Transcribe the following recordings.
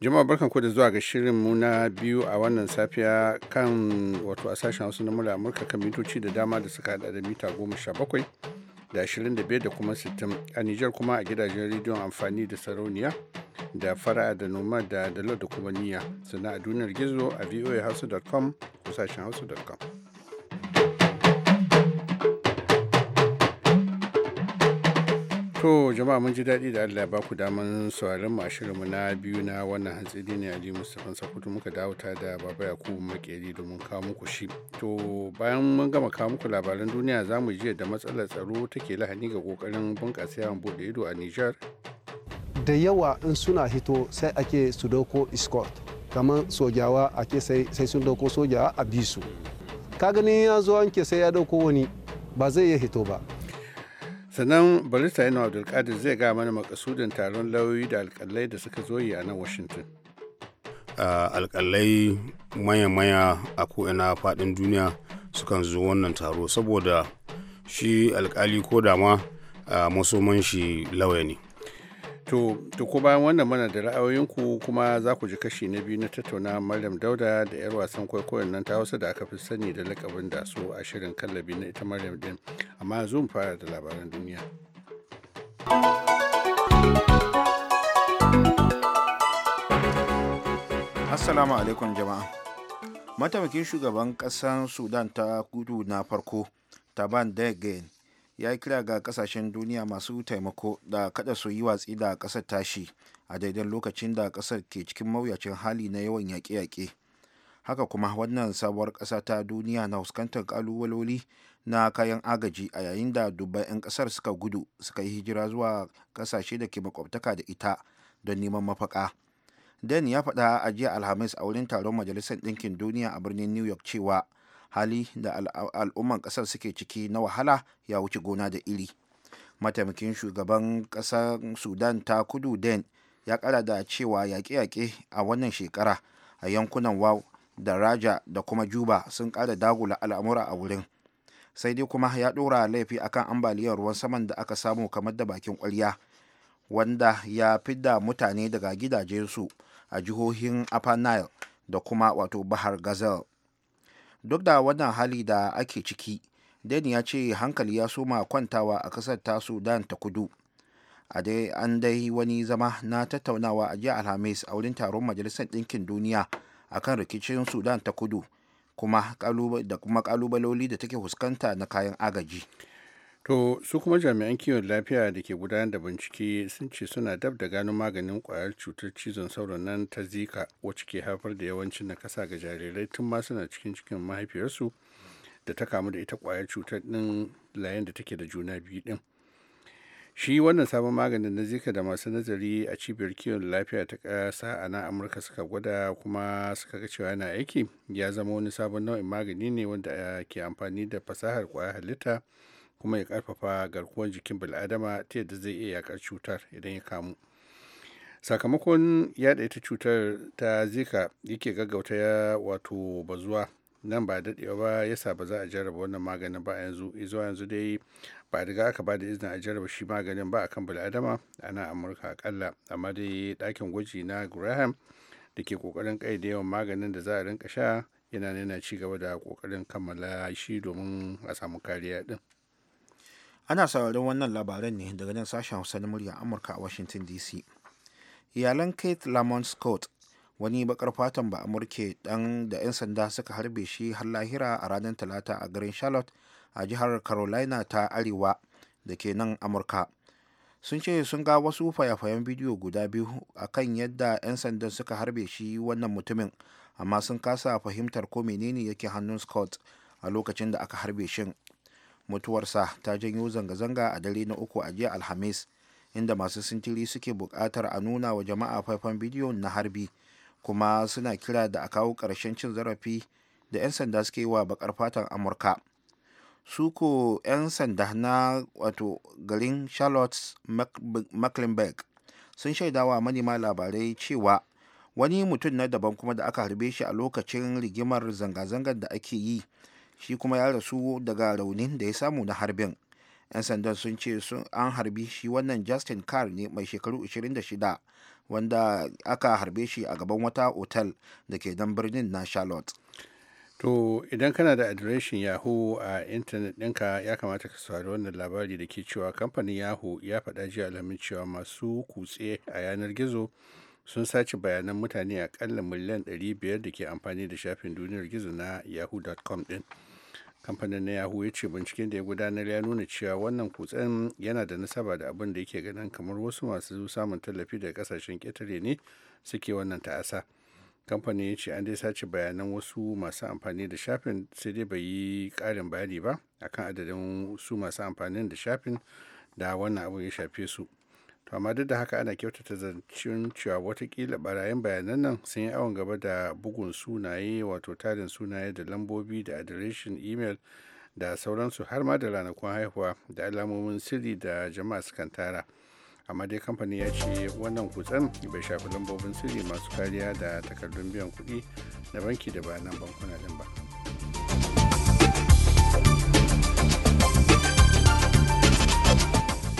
jama'a barkan da zuwa ga shirin mu na biyu a wannan safiya kan wato a sashen wasu na murya amurka kan mitoci da dama da suka hada da mita goma sha bakwai da ashirin da biyar da kuma sittin a nijar kuma a gidajen rediyon amfani da sarauniya da fara'a da noma da dalo da kuma niyya sannan a duniyar gizo a voahausa.com ko sashen hausa.com To jama'a mun ji daɗi da Allah ba ku daman sauraron mu shirinmu na biyu na wannan hantsi ne Ali Mustapha Sakutu muka dawo ta da Baba Yakubu Makeri domin kawo muku shi. To bayan mun gama kawo muku labaran duniya za mu ji da matsalar tsaro take lahani ga kokarin bunƙasa yawan bude ido a Nijar. Da yawa in suna hito sai ake su doko escort kamar sojawa ake sai sun doko sojawa a bisu. Ka gani ya zo an sai ya dauko wani ba zai iya hito ba. sannan barista yana abdulkadir zai ga mana makasudin taron lauyoyi da alkalai da suka zo yi a nan washington alkalai maya-maya a ko'ina faɗin duniya sukan zo wannan taro saboda shi alkali ko dama masoman shi lauya ne To, to ko bayan wannan mana da ra'ayoyinku kuma za ku ji kashi na biyu na tattauna Maryam Dauda da 'yar wasan kwaikwayon nan ta Hausa da aka fi sani da lakabin da su a shirin kallabi na ita Maryam din. Amma yanzu mu fara da labaran duniya. Assalamu alaikum jama'a. Mataimakin shugaban ƙasar Sudan ta kudu na farko, Taban Degen, ya yi kira ga kasashen duniya masu taimako da kada su yi watsi da kasar tashi a daidai lokacin da kasar ke cikin mawuyacin hali na yawan yaƙe-yaƙe haka kuma wannan sabuwar ƙasa ta duniya na fuskantar ƙalubaloli na kayan agaji a yayin da dubban 'yan ƙasar suka gudu suka yi hijira zuwa ƙasashe da ke makwabtaka da ita don neman mafaka den ya faɗa a jiya alhamis a wurin taron majalisar ɗinkin duniya a birnin new york cewa hali da al'umman ƙasar suke ciki na wahala ya wuce gona da iri mataimakin shugaban ƙasar sudan ta kudu den ya ƙara da cewa yaƙe-yaƙe a wannan shekara a yankunan waw da raja da kuma juba sun ƙara dagula al'amura a wurin sai dai kuma ya ɗora laifi akan ambaliyar ruwan saman da aka samu kamar da bakin ƙwarya wanda ya fi da mutane daga gidajensu a jihohin upper nile da kuma wato bahar gazelle duk da wannan hali da ake ciki deni ya ce hankali ya soma kwantawa a kasar ta sudan ta kudu a dai an dai wani zama na tattaunawa a jiya alhamis a wurin taron majalisar ɗinkin duniya a kan rikicin sudan ta kudu da kuma kalubaloli da take fuskanta na kayan agaji To su kuma jami'an kiwon lafiya da ke gudanar da bincike sun ce suna dab da gano maganin kwayar cutar cizon sauron nan ta zika wacce ke haifar da yawancin nakasa ga jarirai tun ma suna cikin cikin mahaifiyarsu da ta kamu da ita kwayar cutar din layan da take da juna biyu din. Shi wannan sabon maganin na zika da masu nazari a cibiyar kiwon lafiya ta ƙasa a nan Amurka suka gwada kuma suka ga cewa yana aiki ya zama wani sabon nau'in magani ne wanda eh, ke amfani da fasahar kwayar halitta kuma ya karfafa garkuwar jikin bil'adama ta yadda zai iya yakar cutar idan ya kamu sakamakon ya ita cutar ta zika yake gaggauta ya wato bazuwa nan ba daɗewa ba yasa ba za a jarraba wannan maganin ba yanzu izuwa yanzu dai ba riga aka ba da izinin a jarraba shi maganin ba kan bil'adama ana amurka akalla amma dai ɗakin gwaji na graham da ke ƙoƙarin ƙaida yawan maganin da za a rinka sha yana nuna ci gaba da ƙoƙarin kammala shi domin a samu kariya ɗin. ana sauraron wannan labaran ne daga nan sashen hausa na murya amurka a washington dc iyalan kate lamont scott wani bakar fatan ba amurke dan da 'yan sanda suka harbe shi har lahira a ranar talata a garin charlotte a jihar carolina ta arewa da ke nan amurka sun ce sun ga wasu fayafayen bidiyo guda biyu akan yadda 'yan sandan suka harbe shi wannan mutumin amma sun kasa fahimtar ko menene yake hannun scott a lokacin da aka harbe shin mutuwarsa ta janyo zanga-zanga a dare na uku a jiya alhamis inda masu sintiri suke buƙatar a nuna wa jama'a faifan bidiyo na harbi kuma suna kira da a kawo ƙarshen cin zarafi da 'yan sanda suke yi wa bakar fatan amurka suko 'yan sanda na wato garin charlotte mecklenburg sun shaidawa manema labarai cewa wani mutum na daban kuma da aka harbe shi a lokacin rigimar zanga-zangar da ake yi shi kuma ya rasu daga raunin da ya samu na harbin 'yan sandan sun ce an harbi shi wannan justin carr ne mai shekaru 26 wanda aka harbe shi a gaban wata otal da ke dan birnin na charlotte to idan kana da adireshin yahoo a intanet ɗinka ya kamata ka saurari wannan labari da ke cewa kamfanin yahoo ya faɗa jiya alhamin cewa masu kutse a yanar gizo sun sace bayanan mutane a ƙalla miliyan 500 da ke amfani da shafin duniyar gizo na yahoo.com ɗin. kamfanin na yahoo ya ce binciken da ya gudanar ya nuna cewa wannan kutsen yana da nasaba da abin da yake ganin kamar wasu masu samun tallafi daga kasashen ƙetare ne suke wannan ta'asa kamfanin ya ce an dai sace bayanan wasu masu amfani da shafin sai dai bai yi ƙarin bayani ba akan adadin su masu amfanin da shafin da wannan abu ya shafe su to amma duk da haka ana kyautata zancen cewa watakila barayin bayanan nan sun yi awon gaba da bugun sunaye wato tarin sunaye da lambobi da adireshin imel da sauransu har ma da ranakun haihuwa da alamomin sirri da jama'a sukan tara amma dai kamfanin ya ce wannan kutsen bai shafi lambobin sirri masu kariya da takardun biyan kuɗi na banki da bayanan bankuna din ba.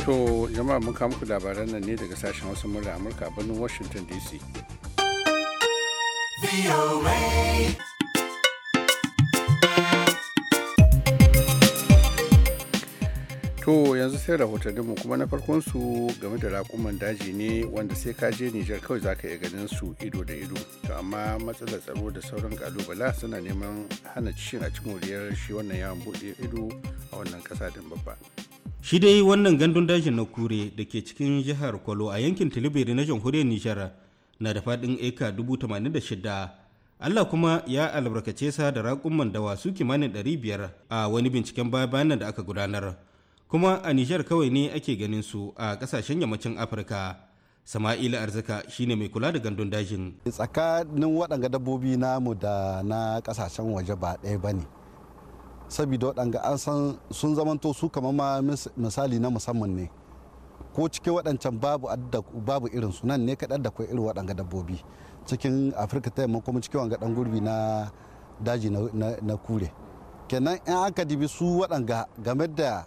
To jama'a mun kawo muku labaran nan ne daga sashen wasu murna Amurka a birnin Washington DC. To yanzu sai rahotanninmu kuma na farkon su game da rakuman daji ne wanda sai ka je Nijar kawai za ka iya ganin su ido da ido. To amma matsalar tsaro da sauran kalubala suna neman hana cin a cikin wuriyar shi wannan yawon buɗe ido a wannan ƙasa din babba. shi dai wannan gandun dajin na kure da ke cikin jihar kwalo a yankin tilibiri na jamhuriyar nijar na da faɗin eka 86 allah kuma ya albarkace sa da raƙumman dawa su kimanin 500 a wani binciken baya bayan da aka gudanar kuma a nijar kawai ne ake ganin su a ƙasashen yammacin afirka sama'ila arzika shine mai kula da gandun dajin tsakanin waɗanga dabbobi namu da na kasashen waje ba ɗaya ba ne saboda waɗanga an san sun zamanto su kamar ma misali na musamman ne ko cikin waɗancan babu babu irin su nan ne kaɗan da kwai irin waɗanga dabbobi cikin afirka ta yamma kuma cikin wanga ɗan gurbi na daji na kure kenan in aka dibi su waɗanga game da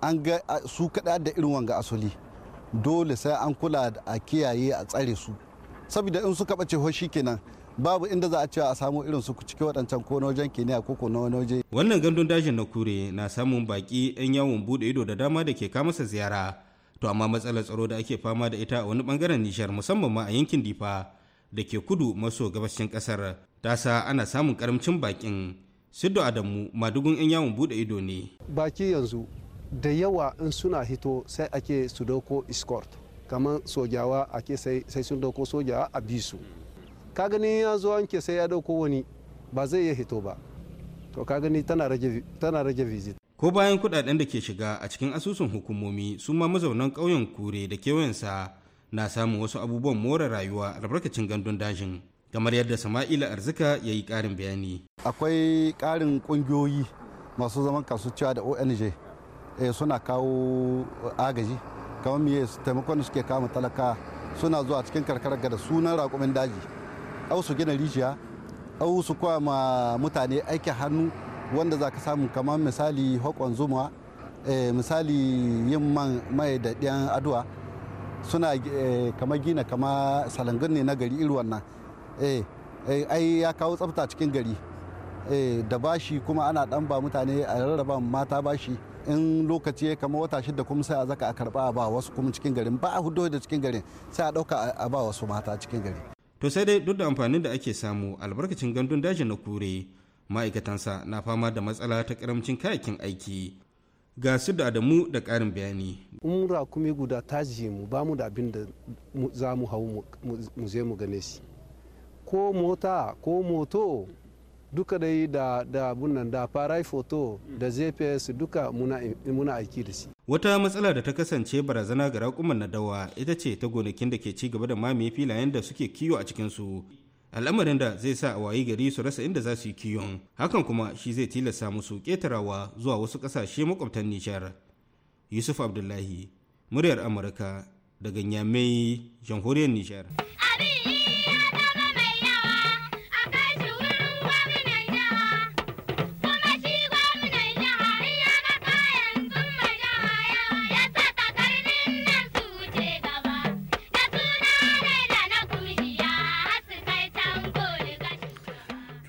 an ga su kaɗa da irin wanga asali dole sai an kula a kiyaye a tsare su saboda in suka ɓace hoshi kenan babu inda za a cewa a samu irin su cikin waɗancan ko na wajen keniya ko ko na wani waje. wannan gandun dajin na kure na samun baƙi 'yan yawon bude ido da dama da ke masa ziyara to amma matsalar tsaro da ake fama da ita a wani bangaren nishar musamman ma a yankin difa da ke kudu maso gabashin kasar ta sa ana samun karamcin bakin siddo adamu madugun 'yan yawon bude ido ne. baki yanzu da yawa in suna hito sai ake su dauko escort kamar sojawa ake sai sun dauko sojawa a bisu. ka gani ya zo anke sai ya dauko wani ba zai iya hito ba to ka gani tana rage visit ko bayan kudaden da ke shiga a cikin asusun hukumomi su ma mazaunan ƙauyen kure da kewayensa na samun wasu abubuwan more rayuwa albarkacin gandun dajin kamar yadda sama'ila arzika ya yi ƙarin bayani akwai ƙarin ƙungiyoyi masu zaman kasuwa da ong eh, suna kawo agaji kamar miye taimakon suke kama talaka suna zuwa cikin karkar da sunan rakumin daji su gina rijiya au su kwa ma mutane aikin hannu wanda za ka samu kamar misali hakon zuma eh, misali yin man mai da ɗiyan aduwa suna eh, kamar gina kama salangin ne na gari irin wannan eh, ai ya kawo tsafta cikin gari da bashi kuma ana ɗan ba mutane a rarraba mata bashi in lokaci ya kama wata shida kuma sai a zaka a karba a ba wasu kuma cikin garin ba a hudu da cikin garin sai a ɗauka a ba wasu mata cikin gari. to sai dai duk da amfanin da ake samu albarkacin gandun daji na kure ma'aikatansa na fama da matsala ta karamcin kayakin aiki ga su da adamu da karin bayani in rakumi guda ta mu ba mu da abin da za mu hau mu je mu gane shi ko mota ko moto duka dai da da da farai foto da gps duka muna aiki da shi wata matsala da ta kasance barazana ga raƙuman na dawa ita ce ta gonakin da ke ci gaba da mamaye filayen da suke kiwo a cikinsu al'amarin da zai sa a wayi gari su rasa inda za su yi kiwon hakan kuma shi zai tilasta musu ƙetarawa zuwa wasu ƙasashe makwabtan nishar yusuf abdullahi muryar amurka daga nyamai jamhuriyar nishar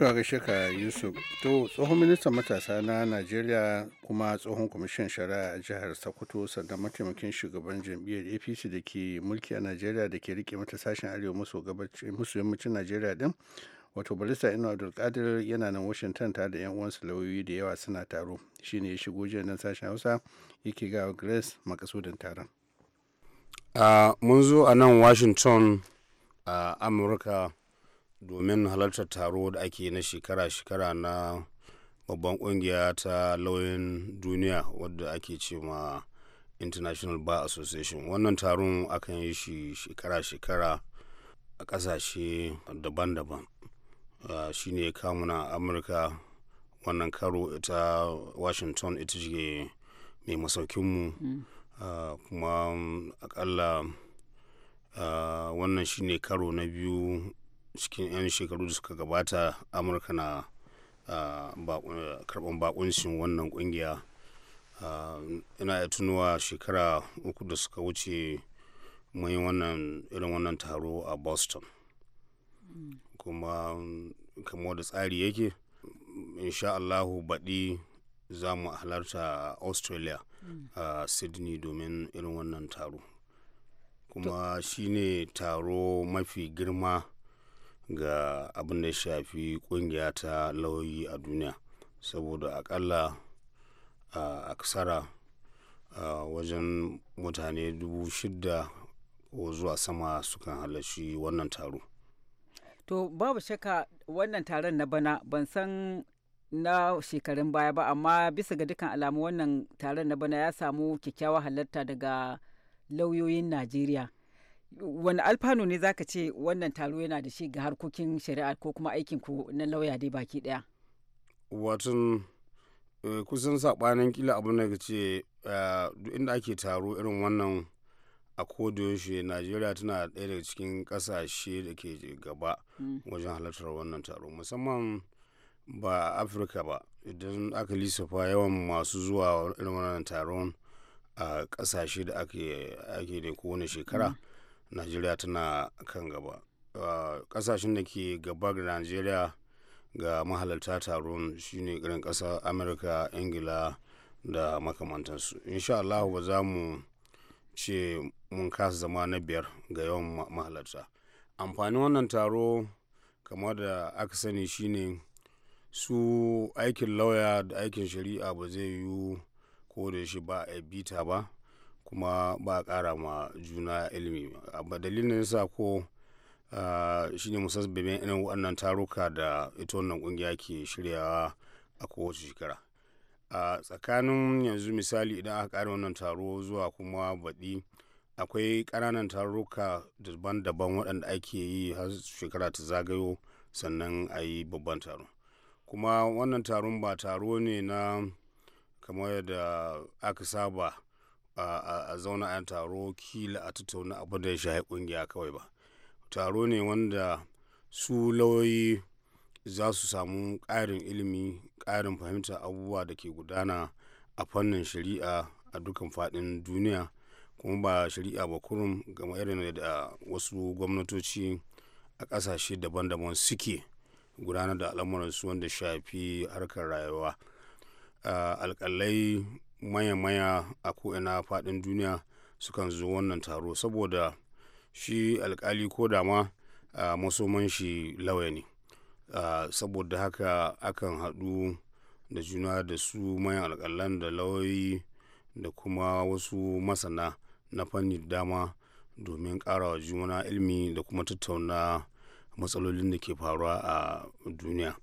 To gaishe Yusuf. To tsohon ministan matasa na Najeriya kuma tsohon kwamishin shari'a a jihar Sokoto sannan mataimakin shugaban jam'iyyar APC da ke mulki a Najeriya da ke rike mata sashen arewa maso gabacin musu yammacin Najeriya din. Wato Barista Inu Abdulkadir yana nan Washington tare da 'yan uwansa lauyoyi da yawa suna taro. Shine ya shigo jiya nan sashen Hausa yake ga Grace makasudin taron. a mun zo a nan Washington a Amurka domin halartar taro da ake na shekara-shekara na babban kungiya ta lauyin duniya wadda ake ce ma international bar association wannan taron akan yi shi shekara-shekara a kasashe daban-daban shi ne kamuna amurka wannan karo ita washington ita ce mai masaukinmu mm. kuma akalla wannan shi ne karo na biyu cikin 'yan shekaru da suka gabata amurka na karban bakuncin wannan kungiya ina ya tunuwa shekara uku da suka wuce mai wannan irin wannan taro a boston kuma kamo da tsari yake insha allahu baɗi za mu halarta australia a sydney domin irin wannan taro kuma shine taro mafi girma ga abin da shafi kungiya ta lauyi a duniya saboda akalla a aksara wajen mutane dubu shida ko zuwa sama sukan halarci wannan taro to babu shakka wannan taron na bana ban san na shekarun baya ba amma bisa ga dukkan alamu wannan taron na bana ya samu kyakkyawar halarta daga lauyoyin najeriya wani alfanu ne zaka ce wannan taro yana da shi ga harkokin shari'a ko kuma aikin ku na lauya dai baki daya watan eh, kusan sabanin kila ne da ce eh, duk inda ake taro irin wannan a kodayaushe najeriya tana ɗaya daga cikin ƙasashe da ke gaba hmm. wajen halartar wannan taro musamman ba afirka ba idan aka lissafa yawan masu zuwa irin wannan taron a ƙasashe da ake da kowane shekara mm. najeriya tana kan gaba kasashen da ke gaba ga najeriya ga mahalarta taron shine irin kasa amurka ingila da makamantansu insha allahu ba za mu ce mun kasa zama na biyar ga yawan mahalarta amfanin wannan taro kamar da aka sani shine su aikin lauya da aikin shari'a ba zai yiwu ko da shi ba a bita ba kuma ba ƙara ma juna ilimi ba dalilin sa ko shine musasbabin irin wannan taruka da ita wannan ƙungiya ke shiryawa a kowace shekara a tsakanin yanzu misali idan aka ƙara wannan taro zuwa kuma baɗi akwai ƙananan taruka daban-daban waɗanda ake yi har shekara ta zagayo sannan a yi babban taro kuma wannan taron ba taro ne na kamar da aka saba a zauna a taro kila a tattauna abin da ya shahi kungiya kawai ba taro ne wanda su lauyoyi za su samu ƙarin ilimi ƙarin fahimta abubuwa da ke gudana a fannin shari'a a dukkan faɗin duniya kuma ba shari'a ba kurum gama irin da wasu gwamnatoci a ƙasashe daban-daban suke gudanar da al'amuransu wanda shafi harkar rayuwa alƙalai maya-maya a ko'ina faɗin duniya sukan zo wannan taro saboda shi alkali ko dama a masoman shi lauya ne saboda haka akan haɗu da juna da su mayan alkalan da lawayi da kuma wasu masana na fanni dama domin ƙara wa juna ilmi da kuma tattauna matsalolin da ke faruwa a duniya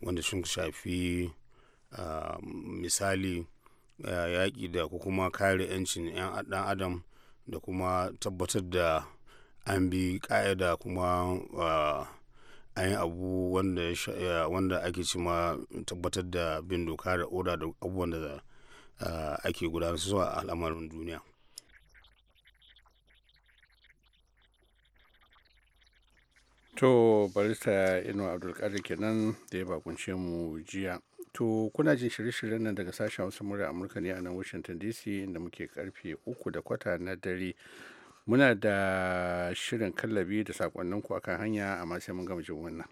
wanda sun shafi misali yaƙi da ko kuma kare 'yancin 'yan ɗan adam da kuma tabbatar da an bi ƙa'ida kuma an yi abu wanda ake cima tabbatar da bin doka da oda da abubuwan da ake gudanar su a al'amarin duniya. to barista inu abdulkadir kenan da ya bakunce mu jiya To kuna jin shirye-shiryen nan daga sashen wasu murya Amurka ne a nan Washington DC inda muke karfe uku da kwata na dare. Muna da shirin kallabi da sakonninku akan hanya amma sai mun gama jin wannan.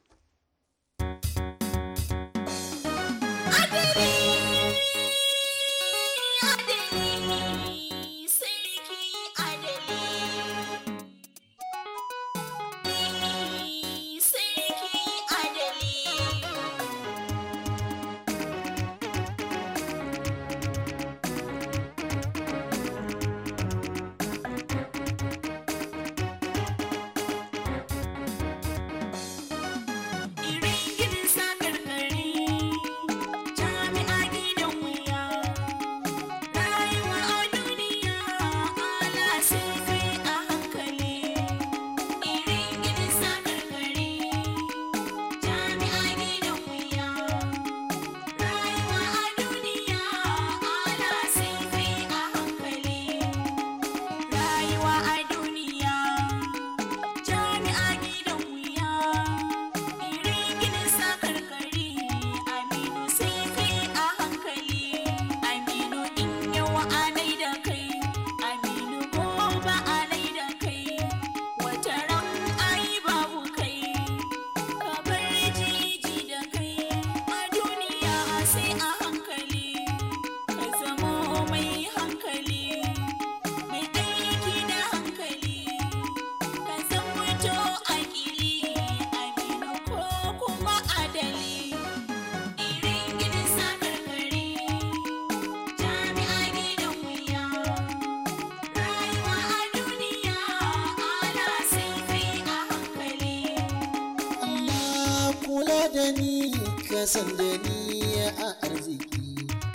kula da ni ka san da ni a arziki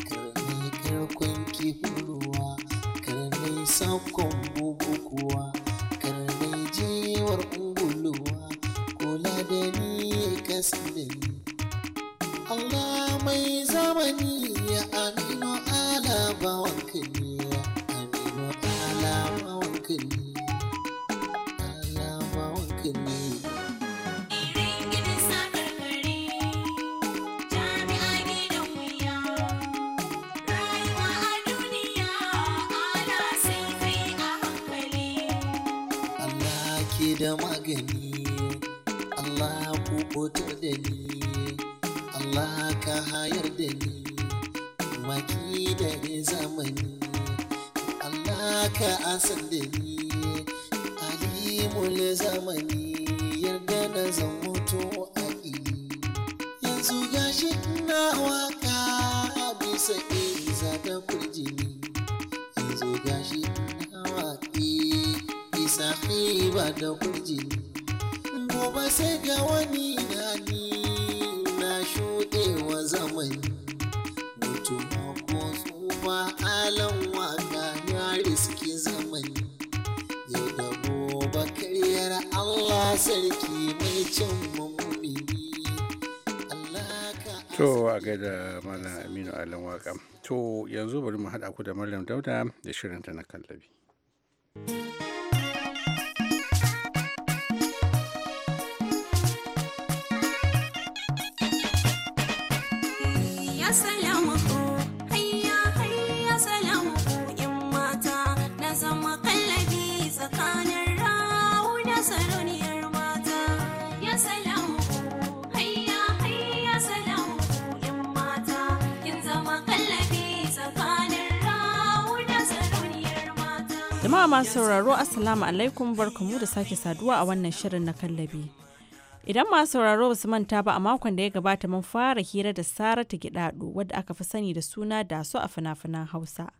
karni karkon kihuruwa karni sakon bukukuwa karni jiwar unguluwa kula da ni ka san da ni imul zamani yarda na zan mutu a ini yanzu gashi na waka a bisa iza da kurjini yanzu gashi waki isa ba da kujini gobe sai ga wani nani na shuɗewa zamani mutu ko tsufa alam sarki mai cin mummuni To a gaida Malam Aminu alin Waka. To yanzu bari mu haɗa ku da Malam Dauda da shirin ta na kallabi. Jama'a masu sauraro Assalamu alaikum barkamu da sake saduwa a wannan shirin na kallabi. Idan masu sauraro ba su manta ba a makon da ya gabata mun fara hira da ta gidaɗo wadda aka fi sani da suna da su a fina-finan Hausa.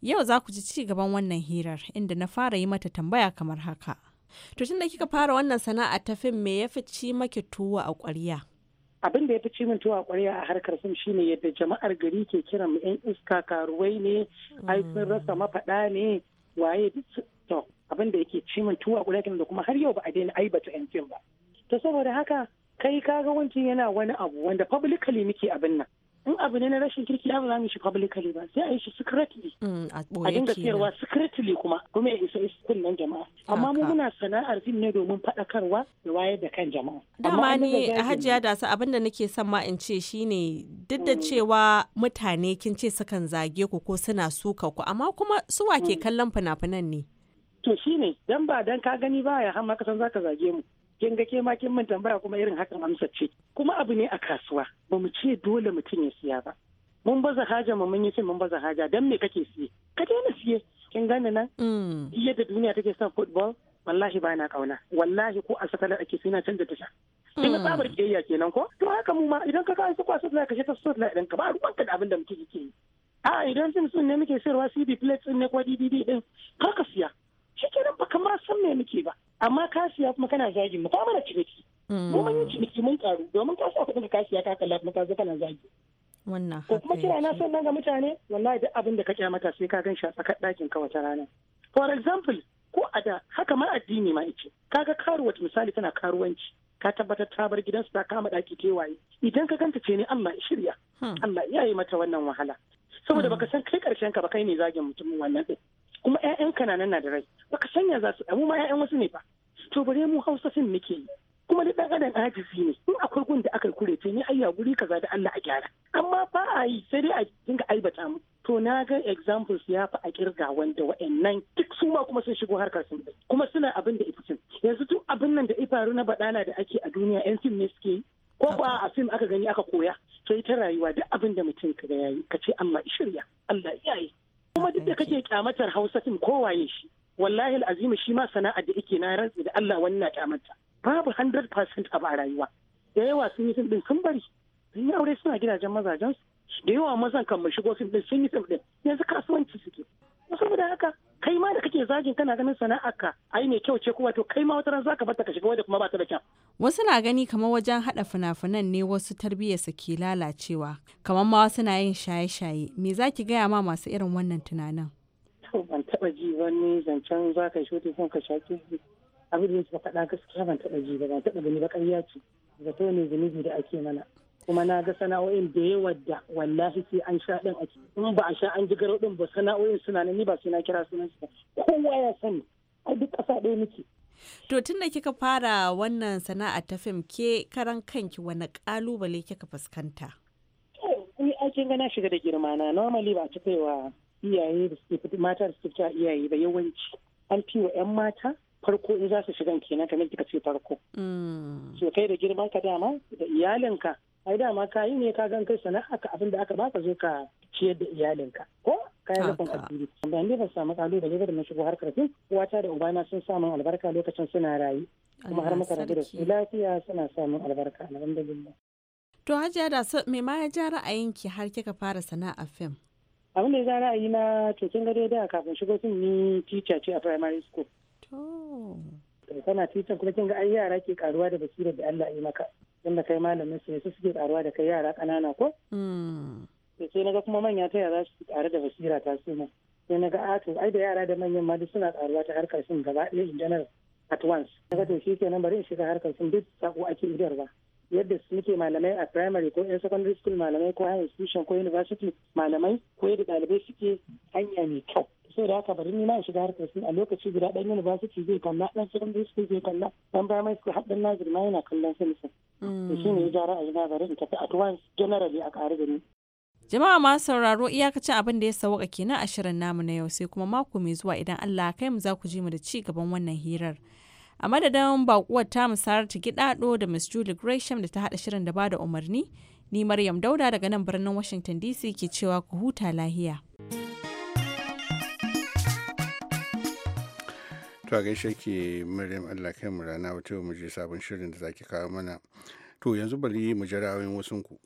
Yau za ku ji ci gaban wannan hirar inda na fara yi mata tambaya kamar haka. To tun da kika fara wannan sana'a ta fim me ya fi ci maki tuwo a ƙwarya? Abin da ya fi cimin tuwa tuwo a ƙwarya a harkar fim shine yadda jama'ar gari ke kiran mu 'yan iska karuwai ne, ai sun rasa mafaɗa ne, waye to abin da yake cimin tuwa guda da kuma har yau ba a daina aibata yan fim ba to saboda haka kai kaga wancan yana wani abu wanda publicly muke abin nan in abu ne na rashin kirki ba za mu shi publicly ba sai a yi shi secretly mm, a dinga siyarwa secretly kuma kuma ya isa iskun nan jama'a amma mu muna sana'ar cin ne domin faɗakarwa da wayar da kan jama'a dama ni hajiya da su abin da nake son ma in ce shine duk da mm. cewa mutane kin ce sukan zage ku ko suna suka ku amma kuma su wa ke mm. kallon fina-finan ne to shine dan ba dan ka gani ba ya hama maka zaka zage mu kin ga ke ma kin min tambaya kuma irin hakan amsa ce kuma abu ne a kasuwa ba mu ce dole mutum ya siya ba mun baza haja mu mun yi ce mun baza haja dan me kake siye ka daina siye kin gane nan mm. yadda duniya take son football wallahi ba na kauna wallahi ko a sakalar ake sai na canza tasha kin ga mm. tsabar kiyayya kenan ko to haka mu ma idan ka kawo su kwasa za ka ta so da idan ka ba ka da abin da muke yake yi a idan fim sun ne muke sayarwa cd plates ne ko dvd din ka ka siya shi ba baka san me muke ba amma kasiya kuma kana zagi mu ta mana ciniki hmm. mu mun yi ciniki mun karu domin ka sa kuɗin kasiya ka kalla kuma ka zo kana zagi wannan ko kuma kira na son nan ga mutane wallahi duk abin da ka mata sai ka gan shi a tsakar ɗakin ka wata rana for example ko a da haka ma addini ma yake kaga karuwa misali tana karuwanci ka tabbatar ta bar gidansu ta kama daki kewaye idan ka ganta ce ne Allah ya shirya hmm. Allah ya yi mata wannan wahala saboda hmm. baka san kai karshen ka ba kai ne zagin mutumin wannan din kuma 'ya'yan kananan na da rai baka sanya za su mu ma 'ya'yan wasu ne ba to bare mu hausa fim muke yi kuma ni dan adam ajizi ne in akwai gun da aka kure ce ni ayya guri kaza da Allah a gyara amma ba a yi sai dai a dinga aibata mu to na ga examples ya fi a kirga wanda wa'annan duk su ma kuma sun shigo harkar sun kuma suna abin da yanzu duk abin nan da ifaru na badana da ake a duniya yan fim ne suke yi ko ba a fim aka gani aka koya to ita rayuwa duk abin da mutum ka ga yayi ka ce amma shirya Allah iyaye kuma duk da kake kyamatar hausa fim waye shi wallahi azimi shi ma sana'ar da yake na rantsi da Allah wani na kyamata babu 100% abu a rayuwa da yawa sun yi fim din sun bari sun yi aure suna gidajen mazajen su da yawa mazan kan mu shigo fim din sun yi fim din yanzu kasuwanci suke saboda haka kai ma da kake zagin kana ganin ka ai ne kyau ce kuma to kai ma wata ran zaka bar ta ka shiga wadda kuma ba ta da kyau wasu na gani kamar wajen hada fina-finan ne wasu su ke lalacewa kamar ma wasu na yin shaye-shaye me zaki gaya ma masu irin wannan tunanin ban taba ji wani zancen za ka shoti kuma ka shaki abin da ya faɗa gaskiya ban taba ji ba ban taba gani ba ƙarya ce zato ne zunubi da ake mana kuma na ga sana'o'in da yawa da wallahi sai an sha din a cikin ba a sha an ji garo din ba sana'o'in suna nan ni ba sai na kira sunan su kowa ya sani a duk ƙasa ɗaya muke To tun da kika fara wannan sana'a ta fim ke karan kanki wani kalubale kika fuskanta? Ni aikin gana shiga da girma na normally ba ta kaiwa iyaye da suke mata da suke iyaye ba yawanci an fi wa 'yan mata farko in za su shiga kenan kamar kika ce farko. Mm. So da girman ka dama da iyalinka ai dama ka yi ne ka gan kai sana'a ka abin da aka baka zo ka ciyar da iyalinka ko kayan rufin addini. amma ne ban samu kalubale ba da na shigo har karfin uwata da ubana sun samun albarka lokacin suna rayu kuma har muka da su lafiya suna samun albarka alhamdulillah to hajiya da me ma ya ja ra'ayinki har kika fara sana'a fim abin da ya ja ra'ayi na to kin gado da kafin shigo fim ni teacher ce a primary school to kana teacher kuma kin ga ai yara ke karuwa da basira da Allah ya maka tunda kai malamin su ne su suke karuwa da kai yara kanana ko hmm. to sai naga kuma manya ta yara su karu da basira ta su sai naga a ah, to ai da yara da manyan ma duk suna karuwa ta harkar sun gaba ɗaya in general at once naga to shi kenan bari in shiga harkar sun duk sako ake idar ba yadda su muke malamai a primary ko yan secondary school malamai ko high institution ko university malamai ko yadda ɗalibai suke hanya mai kyau sai da haka bari ni ma in shiga harkar sun a lokaci guda dan university zai kalla dan secondary school zai kalla dan primary school har dan nazir ma yana kallon sun to shi ne ya ja ra'ayina bari in tafi at once generally a kare da ni. Jama'a masu sauraro iyakacin abin da ya sauka kenan a shirin namu na yau sai kuma mako mai zuwa idan Allah kai mu za ku ji mu da ci gaban wannan hirar. A madadin bakuwar ta Saratu Gidado da Miss Julie Gresham da ta haɗa shirin da ba da umarni, ni Maryam Dauda daga nan birnin Washington DC ke cewa ku huta lahiya. to a gaishe ke maryam allah kai mu rana wata mu je sabon shirin da zaki kawo mana to yanzu bari mu ji ra'ayoyin wasun ku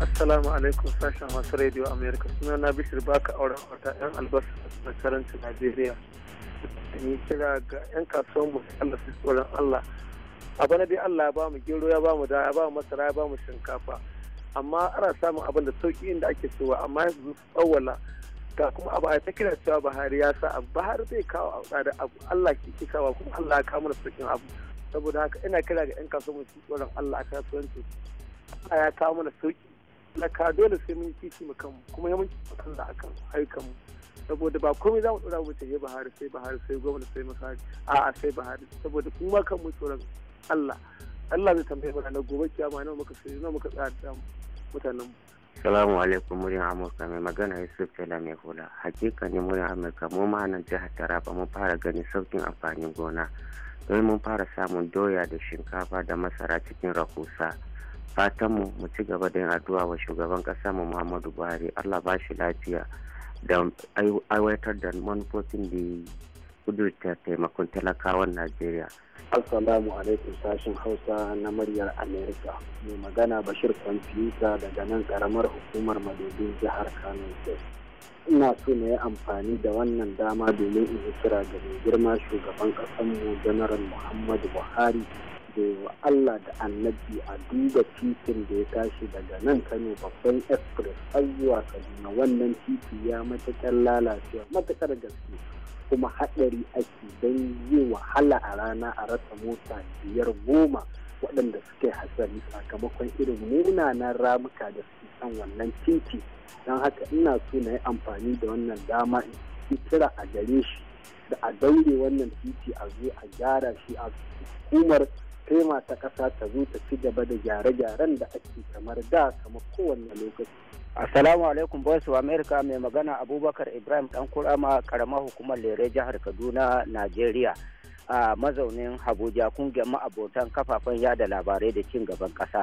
Assalamu alaikum sashen masu Radio America suna na Bishir Baka auren wata 'yan albasa na karanta Najeriya. Ni kira ga 'yan kasuwan mu Allah su tsoron Allah. A dai Allah ba mu gero ya ba mu da ya ba mu masara ya ba mu shinkafa. amma ana samun abin da sauki inda ake sowa amma yanzu tsawala ga kuma abu a ta kira cewa Buhari ya sa abu Buhari zai kawo abu da abu Allah ke ke kawo kuma Allah ya kawo mana sauƙin abu saboda haka ina kira ga 'yan kasuwa su tsoron Allah a kasuwanci Allah ya kawo mana sauƙi laka dole sai mun kici mu kanmu kuma ya mun kici kanmu akan ayyukanmu saboda ba komai za mu tsora mu ce Buhari sai Buhari sai gwamnati sai a a'a sai Buhari saboda kuma kan mu tsoron Allah Allah zai tambaye mana na gobe kiyama nawa muka sai nawa muka tsaya da mu mutanen Salamu alaikum muryar Amurka mai magana Yusuf Tela mai hula. Hakika ne muryar Amurka mu ma nan jihar Taraba mun fara gani saukin amfanin gona. Don mun fara samun doya da shinkafa da masara cikin rahusa. Fatanmu mu ci gaba da yin addu'a wa shugaban kasa mu Muhammadu Buhari Allah ba shi lafiya da aiwatar da manufofin da kudurta taimakon talakawan najeriya assalamu alaikum sashen hausa na muryar Amerika. mai magana bashir kwamfuta daga nan karamar hukumar madobin jihar kano state ina so na yi amfani da wannan dama domin in kira ga mai girma shugaban ƙasarmu janaral muhammadu buhari da wa allah da annabi a duba titin da ya tashi daga nan kano babban express har zuwa kaduna wannan titi ya matuƙar lalacewa matuƙar gaske kuma hadari ake don yi wahala a rana a rasa mota biyar goma waɗanda suke hatsari sakamakon irin munanan ramuka da suke kan wannan titi don haka ina so na yi amfani da wannan dama in kira a gare shi da a daure wannan titi a zo a gyara shi a hukumar tema ta ƙasa ta zo ta ci gaba da gyare-gyaren da ake kamar da kamar kowane lokaci Assalamu alaikum Voice of America mai magana Abubakar Ibrahim dan kurama karamar hukumar Lere jihar Kaduna, Najeriya. A mazaunin Abuja kungiyar ma'abotan kafafen yada labarai da cin gaban kasa.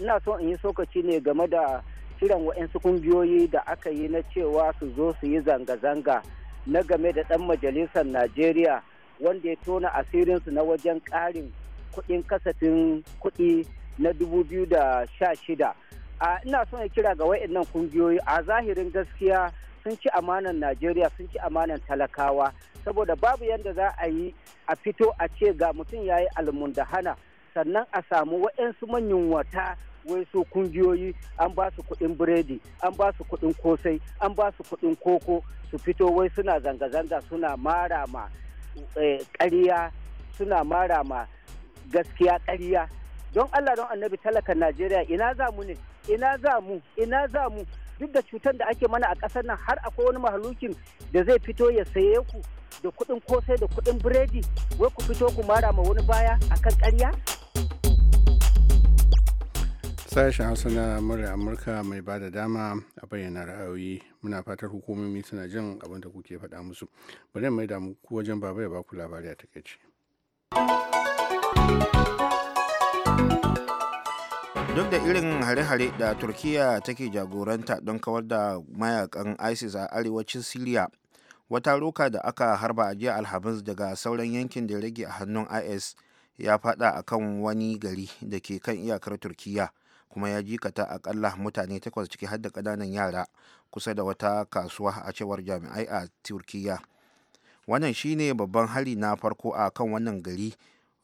Ina so in yi sokaci ne game da kiran wa'yansu kungiyoyi da aka yi na cewa su zo su yi zanga-zanga na game da ɗan majalisar Najeriya wanda ya tona asirinsu na wajen ƙarin kuɗin kasafin kuɗi na 2016. ina son ya kira ga wa'annan kungiyoyi a zahirin gaskiya sun ci amanan najeriya sun ci amanan talakawa saboda babu yadda za a yi a fito a ce ga mutum ya yi almundahana sannan a samu waɗansu manyan wata wai su kungiyoyi an ba su kuɗin biredi an ba su kuɗin kosai an ba su kuɗin koko su fito wai suna zanga-zanga suna mara ma eh, ƙarya suna mara ma gaskiya kariya don allah don annabi talakan najeriya ina za mu ne ina za mu ina za mu duk da cutar da ake mana a ƙasar nan har akwai wani mahalukin da zai fito ya saye ku da kuɗin kosai da kuɗin biredi wai ku fito ku mara ma wani baya akan ƙarya sashen hausa na murya amurka mai ba da dama a bayyana ra'ayoyi muna fatar hukumomi suna jin abin da kuke faɗa musu bari mai damu wajen baba ya ku labari a takaice. duk da irin hare-hare da turkiya take jagoranta don kawar da mayakan isis a arewacin syria wata roka da aka harba a jiya alhamis daga sauran yankin da rage a hannun is ya fada a kan wani gari da ke kan iyakar turkiya kuma ya jikata akalla mutane takwas ciki har da kananan yara kusa da wata kasuwa a cewar jami'ai a turkiya wannan shine babban hari na farko a kan wannan gari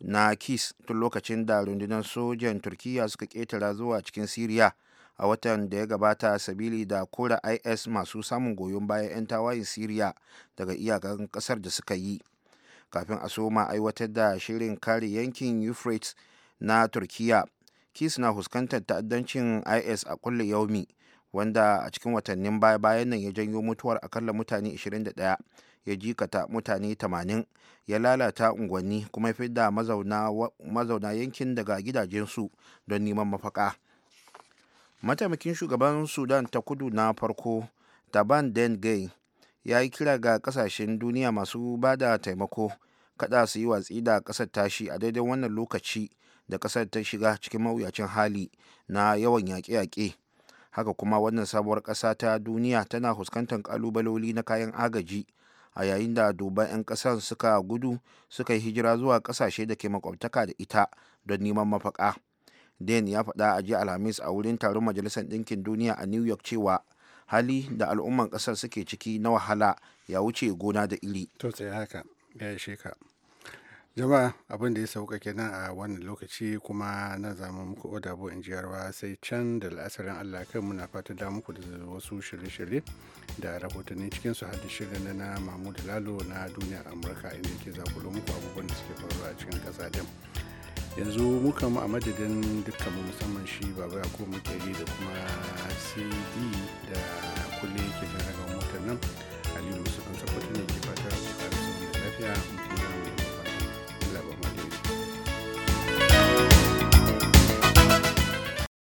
na kis tun lokacin da rundunar sojan turkiya suka ketara zuwa cikin siriya a watan da ya gabata sabili da kora is masu samun goyon bayan 'yan tawayin siriya daga iyakan kasar da suka yi kafin a soma aiwatar da shirin kare yankin euphrates na turkiya kis na fuskantar ta'addancin is a kulle yaumi wanda a cikin watannin baya-bayan nan ya janyo mutuwar akalla mutane 21 ya jikata mutane 80 ya lalata unguwanni kuma ya fidda mazauna yankin daga gidajensu don neman mafaka mataimakin shugaban sudan ta kudu na farko taban gay ya yi kira ga kasashen duniya masu ba da taimako kada su yi watsi da kasar tashi a daidai wannan lokaci da kasar ta shiga cikin mawuyacin hali na yawan yaƙe-yaƙe haka kuma wannan sabuwar ƙasa ta duniya tana fuskantar ƙalubaloli na kayan agaji a yayin da duban 'yan ƙasar suka gudu suka yi hijira zuwa ƙasashe da ke makwabtaka da ita don neman mafaka den ya faɗa a jiya alhamis a wurin taron majalisar ɗinkin duniya a new york cewa hali da al'umman ƙasar suke ciki na wahala ya wuce gona da iri Jama'a abin da ya sauka kenan a wannan lokaci kuma na zama muku oda bo in sai can da la'asarin Allah kai muna fata da muku da wasu shirye-shirye da rahotanni cikin su hadin shirin na Mahmud Lalo na duniya Amurka inda ke zakulo muku abubuwan da suke faruwa a cikin kasa din. Yanzu muka mu a madadin mu musamman shi baba ya ko makeri da kuma CD da kulle ke raga motar nan Aliyu musu kan sakwato da ke fata ku lafiya.